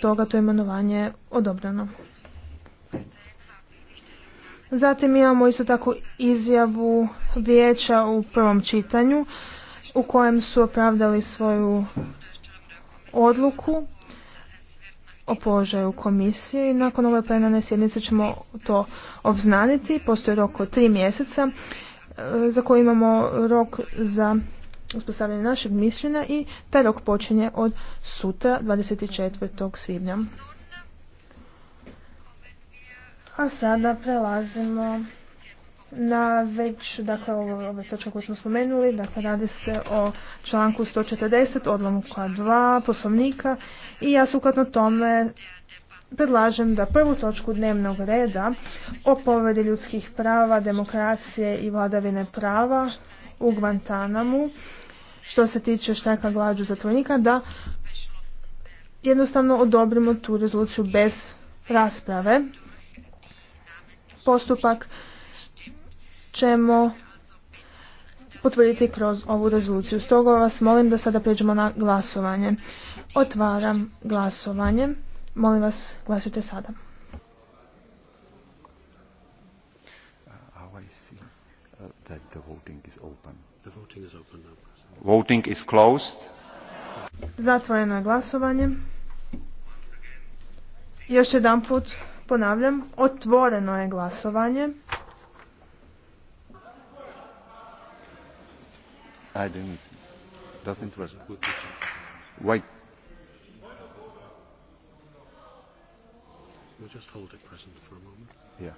toga to imenovanje odobreno. Zatim imamo isto tako izjavu vijeća u prvom čitanju u kojem su opravdali svoju odluku o položaju komisije i nakon ove plenarne sjednice ćemo to obznaniti. Postoji rok od tri mjeseca e, za koji imamo rok za uspostavljanje našeg mišljenja i taj rok počinje od sutra 24. svibnja. A sada prelazimo na već, dakle, ovo, ove točke koje smo spomenuli, dakle, radi se o članku 140, odlomka 2, poslovnika i ja sukladno tome predlažem da prvu točku dnevnog reda o povredi ljudskih prava, demokracije i vladavine prava u Guantanamu što se tiče štrajka glađu zatvornika da jednostavno odobrimo tu rezoluciju bez rasprave. Postupak ćemo potvrditi kroz ovu rezoluciju. Stoga vas molim da sada pređemo na glasovanje. Otvaram glasovanje. Molim vas, glasujte sada that the voting is open. The voting is open now. Voting is closed. Zatvoreno je glasovanje. Još jedan put ponavljam, otvoreno je glasovanje. I didn't see. Doesn't work. Wait. We just hold it present for a moment. Yeah.